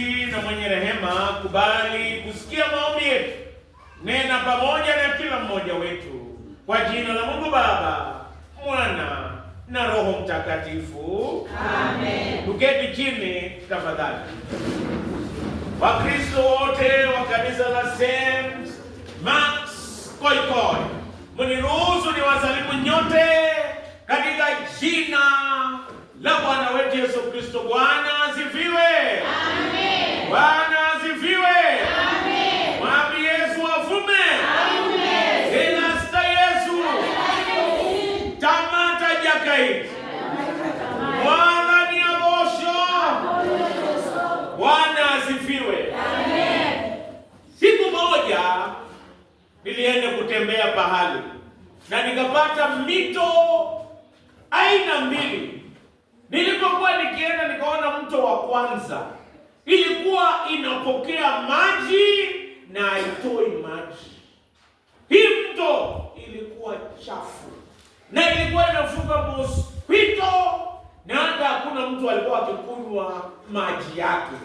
mwenyezi na mwenye rehema, kubali kusikia maombi yetu, nena pamoja na kila mmoja wetu, kwa jina la Mungu Baba, Mwana na Roho Mtakatifu, amen. Tuketi chini tafadhali. Wakristo wote wa kanisa la St. Max Koikoi, mniruhusu ni wasalimu nyote katika jina la Bwana wetu Yesu Kristo. Bwana asifiwe, amen. Bwana asifiwe. Amen. Mwambie Yesu avume. Amen. Inasta Yesu. Tamata jakai. Bwana ni abosho. Bwana asifiwe. Siku moja nilienda kutembea pahali na nikapata mito aina mbili. Nilipokuwa nikienda nikaona mto wa kwanza ilikuwa inapokea maji na haitoi maji. Hii mto ilikuwa chafu na ilikuwa inafuka mosquito na hata hakuna mtu alikuwa akikunywa maji yake.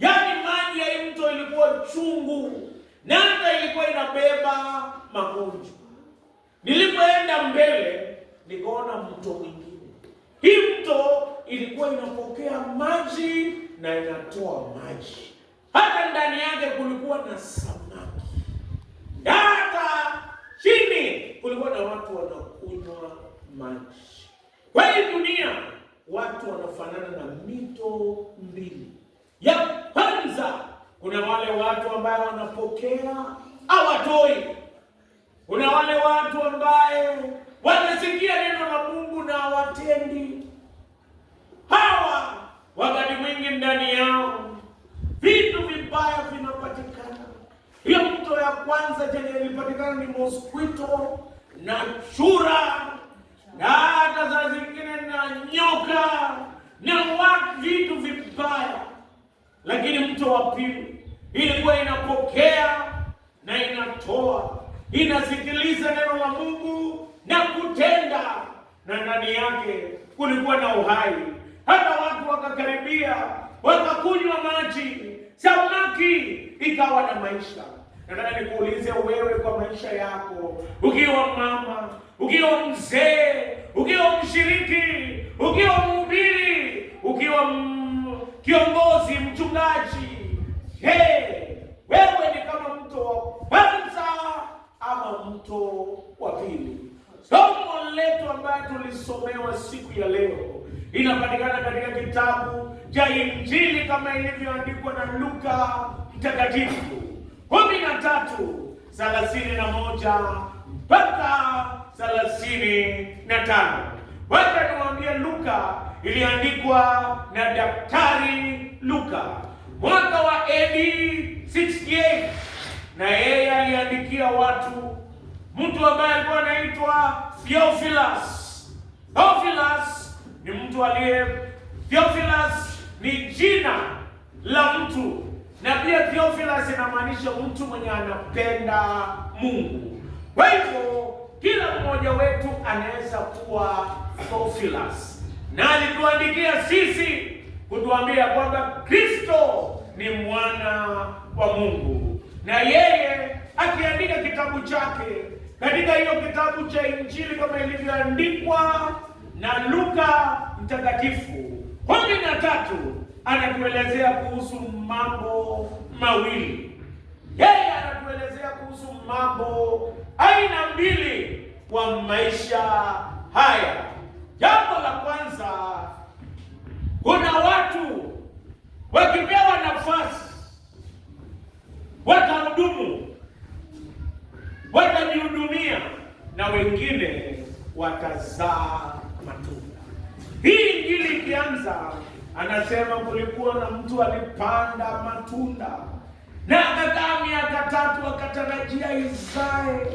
Yaani maji ya hii mto ilikuwa chungu na hata ilikuwa inabeba magonjwa. Nilipoenda mbele nikaona mto mwingine. Hii mto ilikuwa inapokea maji na inatoa maji. Hata ndani yake kulikuwa na samaki, hata chini kulikuwa na watu wanakunywa maji. Kwa hii dunia watu wanafanana na mito mbili. Ya kwanza kuna wale watu ambao wanapokea hawatoi. Kuna wale watu ambaye wanasikia neno la Mungu na hawatendi Wakati mwingi ndani yao vitu vibaya vinapatikana. Hiyo mto ya kwanza chenye ilipatikana ni mosquito na chura na hata saa zingine na nyoka na watu, vitu vibaya. Lakini mto wa pili ilikuwa inapokea na inatoa, inasikiliza neno la Mungu na kutenda, na ndani yake kulikuwa na uhai hata watu wakakaribia wakakunywa maji, samaki ikawa na maisha. Nataka nikuulize wewe, kwa maisha yako, ukiwa mama, ukiwa mzee, ukiwa mshiriki, ukiwa mhubiri, ukiwa kiongozi, mchungaji, je, wewe ni kama mto wa kwanza ama mto wa pili? Somo letu ambayo tulisomewa siku ya leo inapatikana katika kitabu cha Injili kama ilivyoandikwa na Luka Mtakatifu kumi na tatu thelathini na moja mpaka thelathini na tano. Wacha niwaambie, Luka iliandikwa na Daktari Luka mwaka wa AD 68 na yeye aliandikia watu mtu ambaye alikuwa anaitwa Theophilus. Theophilus ni mtu aliye Theophilus ni jina la mtu, na pia Theophilus inamaanisha mtu mwenye anapenda Mungu. Kwa hivyo kila mmoja wetu anaweza kuwa Theophilus, na alituandikia sisi kutuambia kwamba Kristo ni mwana wa Mungu, na yeye akiandika kitabu chake katika hiyo kitabu cha Injili kama ilivyoandikwa na Luka mtakatifu kumi na tatu anatuelezea kuhusu mambo mawili. Yeye anatuelezea kuhusu mambo aina mbili kwa maisha haya. Jambo la kwanza, kuna watu wakipewa nafasi watahudumu, watajihudumia na wengine watazaa matunda. Hii Injili ikianza, anasema kulikuwa na mtu alipanda matunda na akakaa miaka tatu, akatarajia izae.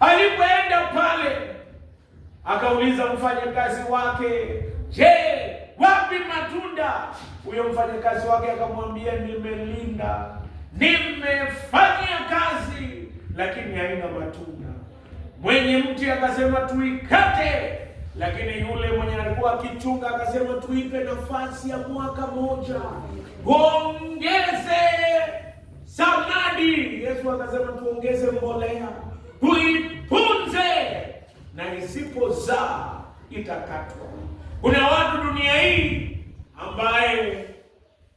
Alipoenda pale, akauliza mfanyakazi wake, je, wapi matunda? Huyo mfanyakazi wake akamwambia, nimelinda, nimefanya kazi, lakini haina matunda. Mwenye mti akasema, tuikate lakini yule mwenye alikuwa akichunga akasema, tuipe nafasi ya mwaka moja, ongeze samadi. Yesu akasema, tuongeze mbolea, tuipunze na isipozaa itakatwa. Kuna watu dunia hii ambaye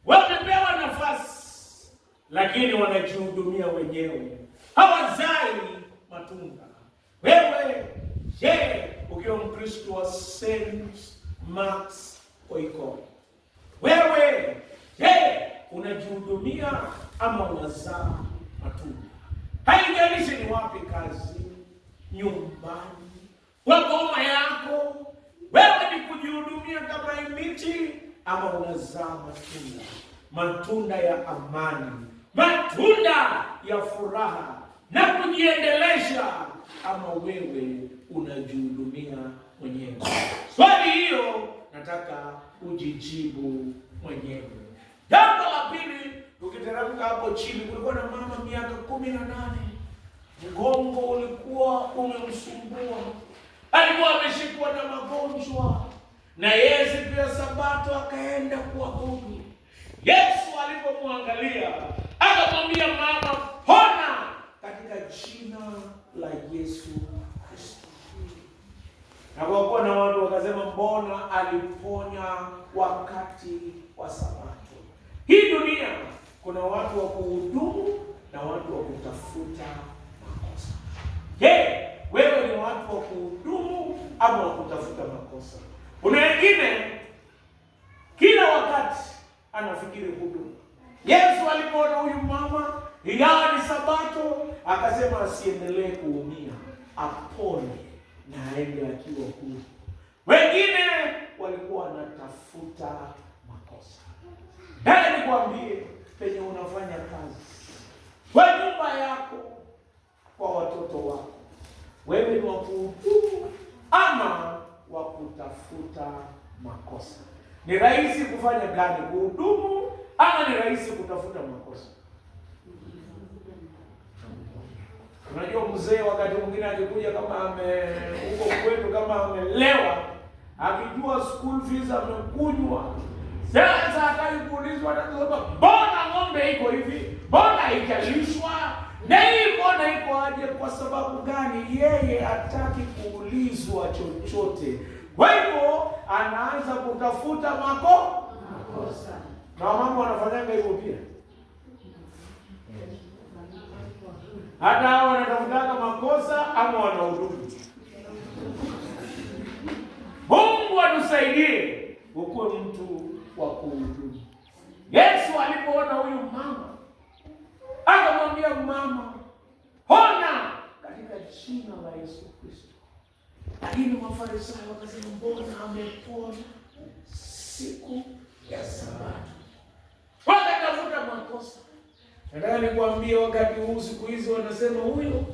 wamepewa nafasi, lakini wanajihudumia wenyewe, hawazai matunda. Wewe je, ukiwa Mkristo wa St. Mark's oiko Wewe je, unajihudumia ama unazaa matunda? Haijalishi ni wapi, kazi, nyumbani, wagoma yako, wewe ni kujihudumia kama imiti ama unazaa matunda, matunda ya amani, matunda ya furaha na kujiendelesha ama wewe unajihudumia mwenyewe? Ah. Swali hiyo nataka ujijibu mwenyewe. Jambo la pili, tukiteremka hapo chini, kulikuwa na mama miaka kumi na nane, mgongo ulikuwa umemsumbua, alikuwa ameshikwa na magonjwa, na yeye siku ya Sabato akaenda kuwa kuabudu. Yesu alipomwangalia akamwambia, mama, pona katika jina la Yesu Kristo. Na kwa kuwa na watu wakasema, mbona aliponya wakati wa Sabato? Hii dunia kuna watu wa kuhudumu na watu wa kutafuta makosa. Je, wewe ni watu wa kuhudumu ama wa kutafuta makosa? Kuna wengine kila wakati anafikiri huduma. Yesu alipoona huyu mama ila ni Sabato, akasema asiendelee kuumia, apone na aende akiwa huru. Wengine walikuwa wanatafuta makosa. Haya, nikwambie penye unafanya kazi, kwa nyumba yako, kwa watoto wako, wewe ni wakuhutumu ama wakutafuta makosa? Ni rahisi kufanya gani, kuhudumu ama ni rahisi kutafuta makosa? mzee wakati mwingine akikuja kama ame huko kwetu kama amelewa, akijua school fees amekunywa, sasa akaikuulizwa anasema mbona ng'ombe iko hivi, mbona ikalishwa na iko bona iko aje? Kwa sababu gani? Yeye hataki kuulizwa chochote, kwa hivyo anaanza kutafuta mako makosa, na mama wanafanyanga hivyo pia hata hao wanatafutaka makosa ama wanahudumu. Mungu atusaidie ukuwe mtu wa kuhudumu. Yesu alipoona huyu mama akamwambia, mama hona, katika jina la Yesu Kristo. Lakini Mafarisayo wakasema, mbona amepona siku ya Sabato? Wakatafuta makosa Nataka nikwambie wakati huu siku hizi wanasema huyo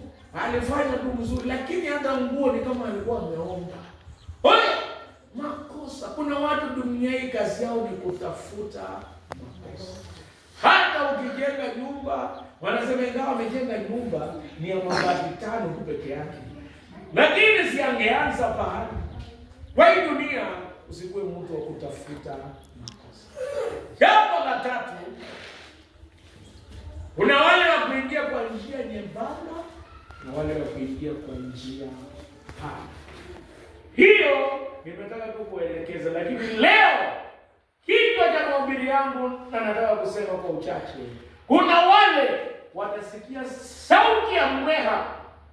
alifanya tu mzuri, lakini hata nguo ni kama alikuwa ameomba. Makosa. Kuna watu dunia hii kazi yao ni kutafuta makosa. Hata ukijenga nyumba, wanasema ingawa wamejenga nyumba ni ya mabati tano tu peke yake, lakini si angeanza pahali. Kwa hii dunia usikuwe mtu wa kutafuta makosa. Jambo la tatu kuna wale wa kuingia kwa njia nyembamba na wale wa kuingia kwa njia pana. Hiyo nimetaka tu kuelekeza, lakini leo kichwa cha mahubiri yangu na nataka kusema kwa uchache, kuna wale watasikia sauti ya mbweha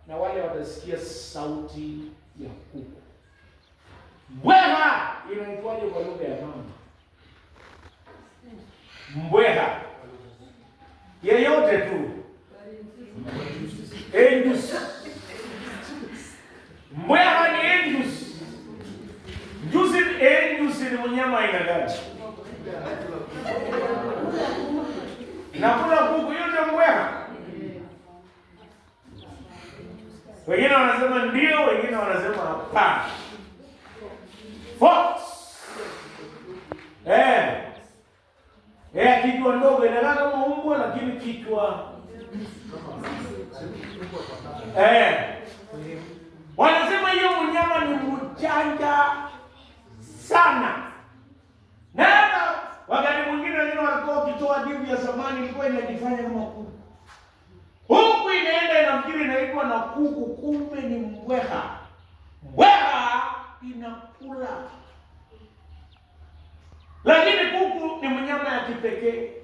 na wale watasikia sauti ya kuku. Mbweha inaitwaje kwa lugha ya mama? Mbweha yeyote tu Endus mbweha ni endus. Njusi endus ni mnyama aina gani? na kuna kuku yote mbweha. Wengine wanasema ndio, wengine wanasema hapana. Fox eh, eh, kitu ndogo inalala kubwa lakini kichwa eh. eh. Wanasema hiyo mnyama ni mjanja sana, na hata wakati mwingine wengine walikuwa wakitoa divu ya zamani ilikuwa inajifanya kama kuku, huku inaenda inafikiri inaitwa na kuku, kumbe ni mbweha. Mbweha inakula, lakini kuku ni mnyama ya kipekee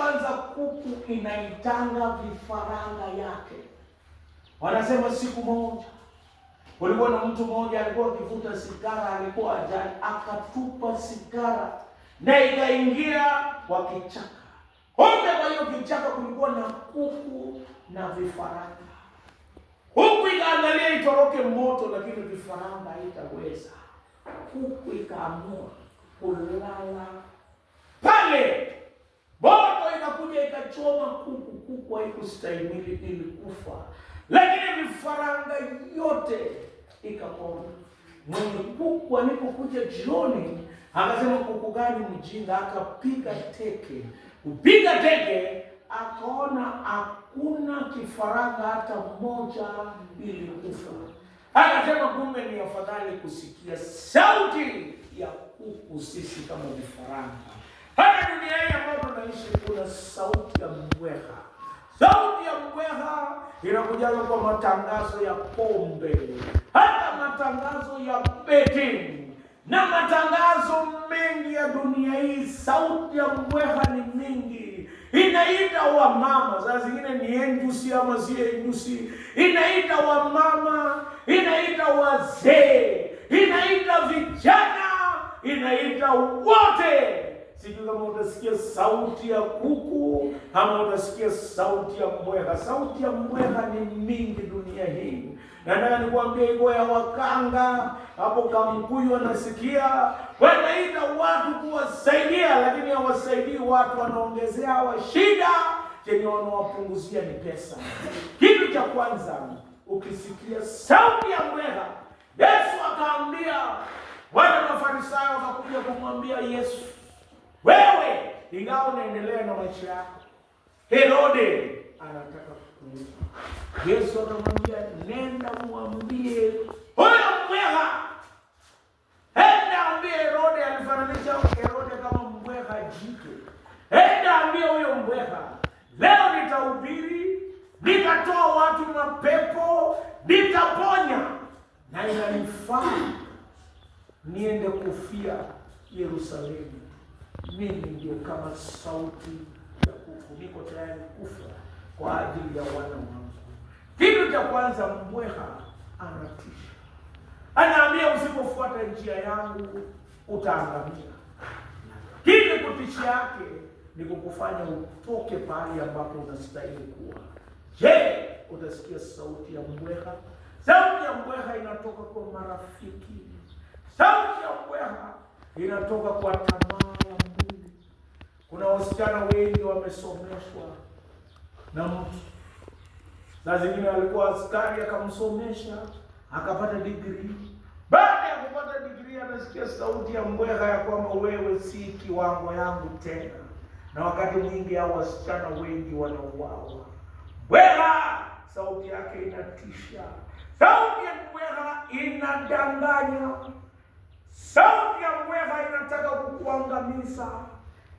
kwanza kuku inaitanga vifaranga yake. Wanasema siku moja kulikuwa na mtu mmoja alikuwa akivuta sigara, alikuwa ajali, akatupa sigara na ikaingia kwa kichaka kumbe. Kwa hiyo kichaka kulikuwa na kuku na vifaranga, huku ikaangalia itoroke moto, lakini vifaranga haitaweza. Kuku ikaamua kulala pale moto inakuja ikachoma kuku, kuku haikustahimili ilikufa, lakini vifaranga yote ikapona. Mwenye kuku alipokuja jioni, akasema kuku gani mjinga, akapiga teke, kupiga teke akaona hakuna kifaranga hata mmoja ilikufa. Akasema kumbe ni afadhali kusikia sauti ya kuku sisi kama vifaranga Haya dunia hii ambayo tunaishi, kuna sauti ya mbweha. Sauti ya mbweha inakujaza kwa matangazo ya pombe, hata matangazo ya beti na matangazo mengi ya dunia hii. Sauti ya mbweha ni mingi, inaita wamama, saa zingine ni enjusi ama sie enjusi, inaita wamama, inaita wazee, inaita vijana, inaita wote utasikia sauti ya kuku ama utasikia sauti ya mbweha. Sauti ya mbweha ni mingi dunia hii, na ndio nikuambia iko ya wakanga hapo Kamkuyu wanasikia wanaita watu kuwasaidia, lakini hawasaidii watu, wanaongezea hawa shida, chenye wanawapunguzia ni pesa. Kitu cha kwanza, ukisikia sauti ya mbweha, Yesu akaambia wale Mafarisayo wakakuja kumwambia Yesu wewe ingawa unaendelea na maisha yako, Herode anataka kukuua. Yesu akamwambia nenda kwa ajili ya wana wangu. Kitu cha kwanza, mbweha anatisha, anaambia usipofuata njia yangu utaangamia. Kile kutisha yake ni kukufanya utoke pahali ambapo unastahili kuwa. Je, utasikia sauti ya mbweha? Sauti ya mbweha inatoka kwa marafiki. Sauti ya mbweha inatoka kwa tamaa ya mwili. Kuna wasichana wengi wamesomeshwa na mtu. Saa zingine alikuwa askari akamsomesha akapata degree. Baada ya kupata degree, anasikia sauti ya mbweha ya kwamba wewe si kiwango yangu tena, na wakati mwingi hao wasichana wengi wanauawa. Mbweha sauti yake inatisha, sauti ya mbweha inadanganya, sauti ya mbweha inataka kukuangamiza,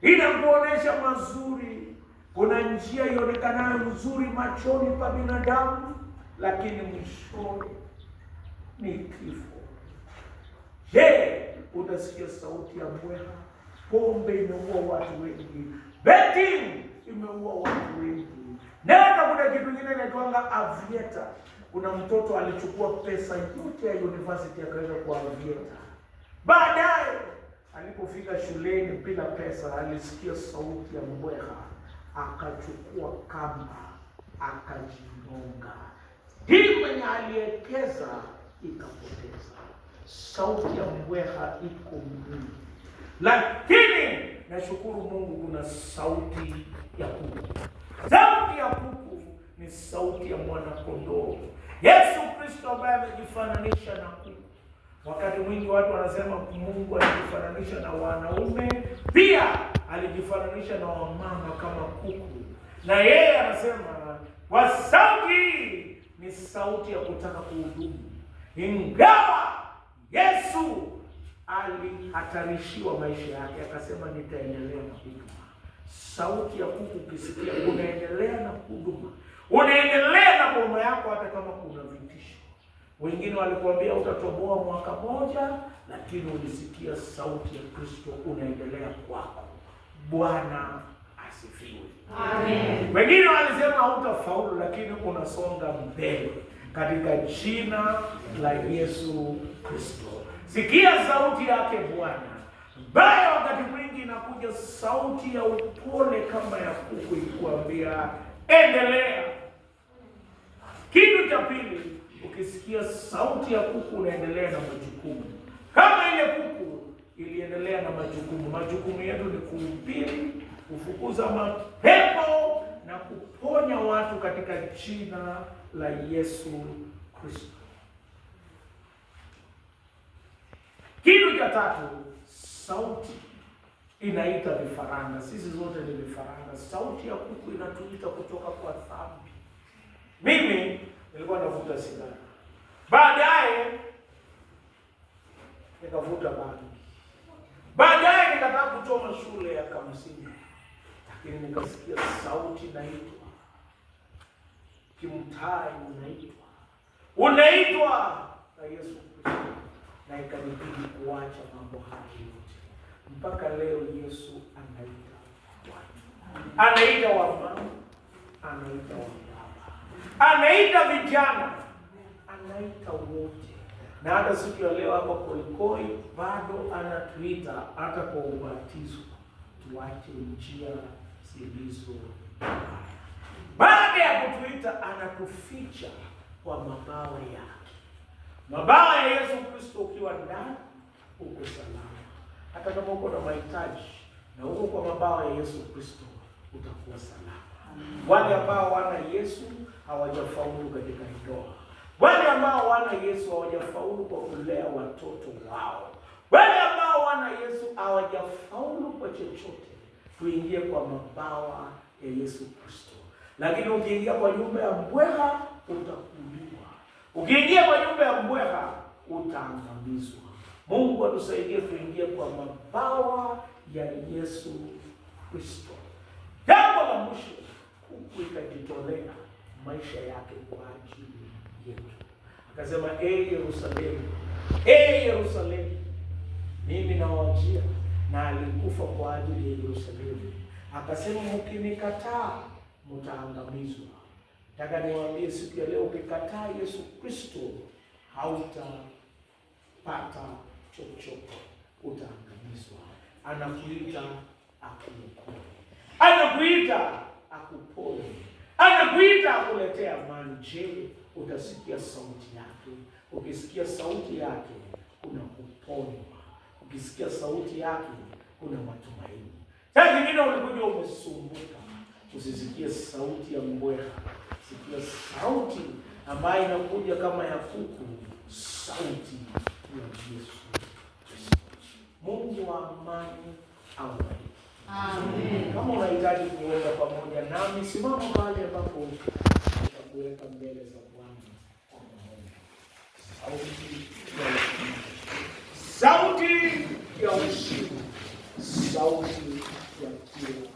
inakuonesha mazuri kuna njia ionekanayo nzuri machoni pa binadamu, lakini mwishoni ni kifo. Je, utasikia sauti ya mbweha? Pombe imeua watu wengi, betting imeua watu wengi. Nenda, kuna kitu kingine inaitwanga avieta. Kuna mtoto alichukua pesa yote ya university akaweza kwa avieta. Baadaye alipofika shuleni bila pesa, alisikia sauti ya mbweha akachukua kamba akajinonga Hii mwenye aliekeza ikapoteza. Sauti ya mbweha iko mjini, lakini nashukuru Mungu kuna sauti ya kuku. Sauti ya kuku ni sauti ya mwanakondoo Yesu Kristo ambaye amejifananisha na kuku. Wakati mwingi watu wanasema Mungu alijifananisha na wanaume pia alijifananisha na wamama kama kuku, na yeye anasema wasauti ni sauti ya kutaka kuhudumu, ingawa Yesu alihatarishiwa maisha yake, akasema nitaendelea na huduma. Sauti ya kuku ukisikia, unaendelea na huduma, unaendelea na huduma yako, hata kama kuna vitisho. Wengine walikuambia utatoboa mwaka moja, lakini ulisikia sauti ya Kristo, unaendelea kwako. Bwana asifiwe. Amen. Wengine walisema hautafaulu, lakini unasonga mbele katika jina la Yesu Kristo. Sikia sauti yake Bwana bayo. Wakati mwingi inakuja sauti ya upole kama ya kuku ikuambia endelea. Kitu cha pili, ukisikia sauti ya kuku unaendelea na majukumu kama ile kuku iliendelea na majukumu. Majukumu yetu ni kuhubiri, kufukuza mapepo na kuponya watu katika jina la Yesu Kristo. Kitu cha tatu, sauti inaita vifaranga. Sisi zote ni vifaranga. Sauti ya kuku inatuita kutoka kwa dhambi. Mimi nilikuwa navuta sigara, baadaye nikavuta bangi Baadaye nikataka kuchoma shule ya kamsingi, lakini nikasikia sauti naitwa, kimtai unaitwa, unaitwa na Yesu Kristo, na ikanibidi kuacha mambo hayo yote. Mpaka leo Yesu anaita watu, anaita wamama, anaita wababa, anaita vijana, anaita wote na hata siku ya leo hapa Koikoi bado anatuita hata kwa ubatizo, tuache njia zilizo Baada ya kutuita, anatuficha kwa mabawa yake. Mabawa ya Yesu Kristo, ukiwa ndani uko salama, hata kama uko na mahitaji na uko kwa mabawa ya Yesu Kristo utakuwa salama. Wale ambao wana Yesu hawajafaulu katika ndoa wale ambao wana Yesu hawajafaulu kwa kulea watoto wao, wale ambao wana Yesu hawajafaulu kwa chochote. Tuingie kwa mabawa ya Yesu Kristo. Lakini ukiingia kwa nyumba ya mbweha utakuliwa, ukiingia kwa nyumba ya mbweha utaangamizwa. Mungu atusaidie kuingia kwa mabawa ya Yesu Kristo. Jambo la mwisho, huku ikajitolea maisha yake kwa ajili Akasema, ee Yerusalemu, ee Yerusalemu, mimi nawaajia. Na alikufa kwa ajili ya Yerusalemu. Akasema, mkinikataa mtaangamizwa. Nataka niwaambie siku ya leo, ukikataa Yesu Kristo hautapata chochote, utaangamizwa. Anakuita akuokoe, anakuita akuponye, anakuita akuletea amani. Je, utasikia sauti yake. Ukisikia sauti yake, kuna kuponywa. Ukisikia sauti yake, kuna matumaini. Saa zingine ulikuja umesumbuka, usisikie sauti ya mbweha, sikia sauti ambayo inakuja kama ya kuku, sauti ya Yesu Kristo. Mungu wa amani awabariki. Amen. Kama unahitaji kuomba pamoja nami, simama mahali ambapo nitakuweka mbele za sauti ya ushindi, sauti ya kila